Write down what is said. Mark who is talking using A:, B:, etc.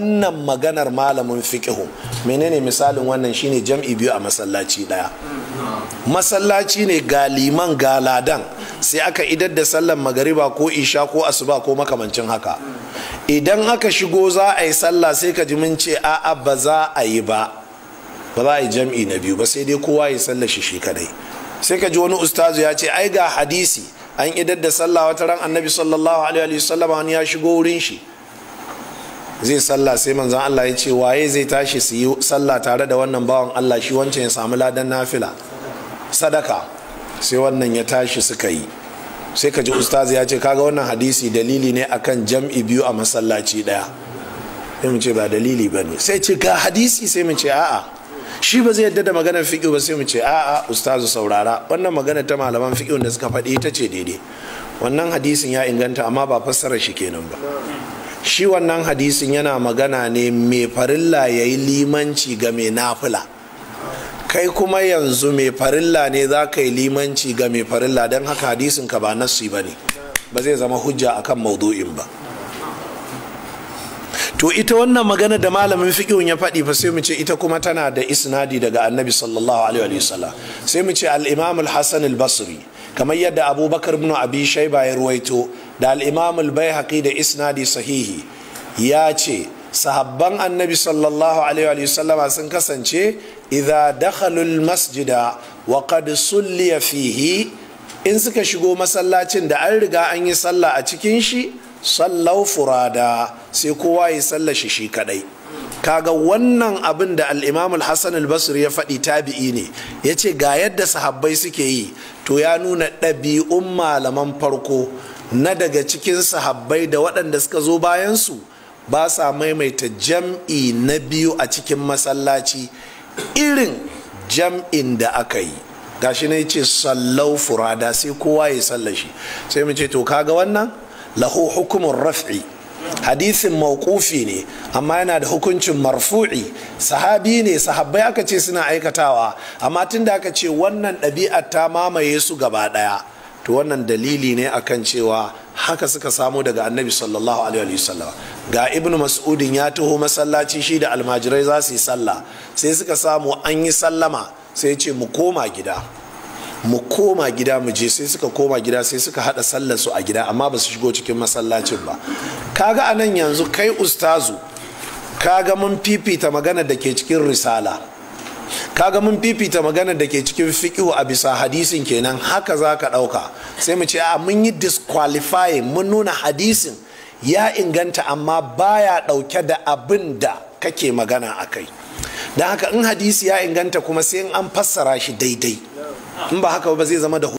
A: wannan maganar malamin fiqihu menene misalin wannan shine jam'i biyu a masallaci daya masallaci ne ga liman ga ladan sai aka idar da sallan magariba ko isha ko asuba ko makamancin haka idan aka shigo za a yi sallah sai ka ji mun ce a'a ba za a yi ba ba za a yi jam'i na biyu ba sai dai kowa ya sallar shi shi kadai sai ka ji wani ustazu ya ce ai ga hadisi an idar da sallah wata ran annabi sallallahu alaihi sallam wani ya shigo wurin shi zai sallah sai manzon Allah ya ce waye zai tashi su yi sallah tare da wannan bawan Allah shi wancan ya samu ladan nafila sadaka sai wannan ya tashi suka yi sai ka ji ustazi ya ce kaga wannan hadisi dalili ne akan jam'i biyu a masallaci daya sai mu ce ba dalili ba ne sai ce ga hadisi sai mu ce a'a shi ba zai yadda da maganar fiƙi ba sai mu ce a'a ustazu saurara wannan maganar ta malaman fiƙi da suka faɗi ita ce daidai wannan hadisin ya inganta amma ba fassara shi kenan ba shi wannan hadisin yana magana ne mai farilla ya yi limanci ga mai nafila kai kuma yanzu mai farilla ne za ka yi limanci ga mai farilla don haka hadisin ka ba nassi ba ne ba zai zama hujja akan maudu'in ba to ita wannan magana da malamin fiqhun ya faɗi fa sai mu ce ita kuma tana da isnadi daga annabi sallallahu alaihi wa sallam sai mu ce al-imam al-hasan al-basri kamar yadda abubakar ibn abi shayba ya ruwaito da al-imam al bayhaqi da isnadi sahihi ya ce sahabban annabi sallallahu alaihi wa sallama sun kasance idza dakhalul masjida wa qad sulliya fihi in suka shigo masallacin da an riga an yi sallah a cikin shi sallau furada sai kowa ya sallashi shi kadai kaga wannan abin da al-imam al ya faɗi tabi'i ne ya ce ga yadda sahabbai suke yi to ya nuna ɗabi'un malaman farko na daga cikin sahabbai da waɗanda suka zo bayansu ba sa maimaita jam'i na biyu a cikin masallaci irin jam'in da aka yi gashi ne ce sallau furada sai kowa ya sallashi sai mu ce to kaga wannan lahu hukumun raf'i hadisin mawqufi ne amma yana da hukuncin marfu'i sahabi ne sahabbai aka ce suna aikatawa amma tun da aka ce wannan ɗabi'ar ta mamaye su gaba ɗaya to wannan dalili ne akan cewa haka suka samo daga annabi sallallahu alaihi wasallam ga ibnu mas'udin ya taho masallaci shi da almajirai za su yi sallah sai suka samu an yi sallama sai ce mu koma gida mu koma gida mu je sai suka koma gida sai suka hada sallar su a gida amma ba su shigo cikin masallacin ba kaga anan yanzu kai ustazu kaga mun fifita magana da ke cikin risala kaga mun fifita magana da ke cikin fiƙihu a bisa hadisin kenan haka za ka ɗauka sai mu ce a mun yi disqualify mun nuna hadisin ya inganta amma baya ɗauke da abin da kake magana akai kai don haka in hadisi ya inganta kuma sai in an fassara shi daidai in ba haka ba zai zama da